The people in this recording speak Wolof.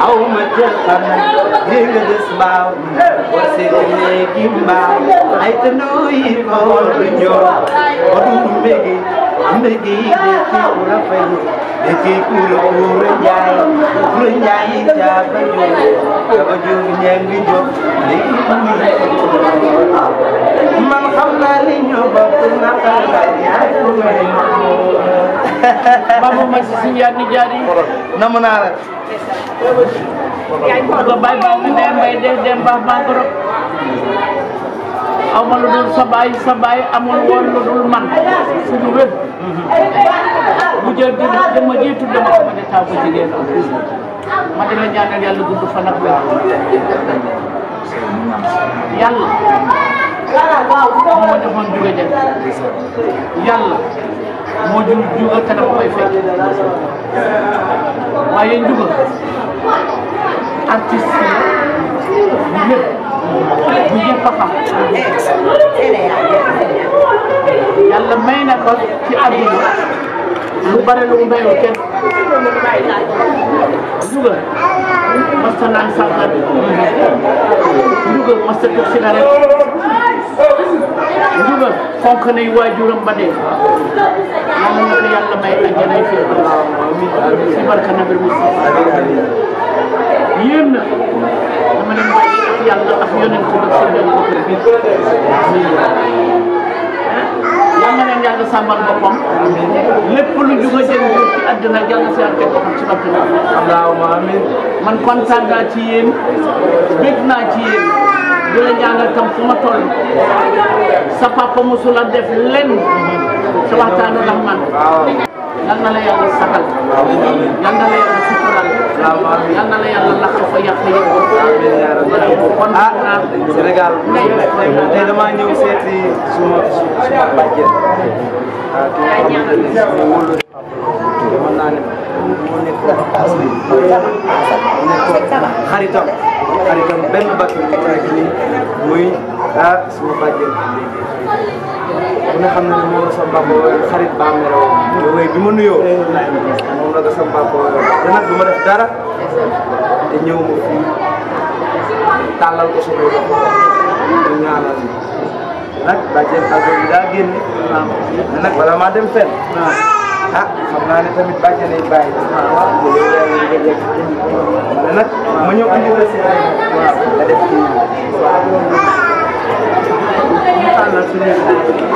Oh, my dear, bring the smile. What's it making I don't know if all in your or to make it. Make it a cool of Make it and is a you in Make it Baba ma si suñu yaay nijaay yi namu naa la. ba bàyyi ba mu ne mbay def dem baax baax trop. aw ma lu dul sa baay sa baay amul woon lu dul man suñu wér. bu jël di dama jiitu dama ko mën a taw ba jigéen ma di la ñaanal yàlla gudd fan ak wér. yàlla. moo defoon jóge jël yàlla. moo jur Ndiouga kanam koy fekk waaye Ndiouga artiste yi ñëpp bu ñëpp a xam yàlla may na ko ci njugal fonk nay waajuram ba dee moom la ko yàlla may àjjanay fi si barka nabi Mustafa yéen na dama leen bàyyi ak yàlla ak yonent ba sëgal ko bi yal na leen yàlla sàmmal boppam lépp lu juga jëm ci àddina yàlla si àtte boppam ci barka nabi Allahumma amin man kontaan naa ci yéen bég naa ci yéen di la jàngal tam fu ma toll sa papa mosul a def lenn sa waxtaanu ndax man yal na la yàlla saxal yal na la yàlla sutural yal na la yàlla laxal fa yàq yëpp kon ah Sénégal tey damaa ñëw seeti suma suma bàjjen mën naa ne moo nekkoon xaritam xaritam benn bakkan bi nekk nii muy ah suma bàjjen nga xam ne sa mbàmba xarit baa meroon te wéy bi ma nuyoo la ko sa mbàmba te nag du def dara te ko ñaanal dem ah xam naa ne tamit bàjj nañ bàyyi ah, nag ma ñëw indi la si waaw nga def kii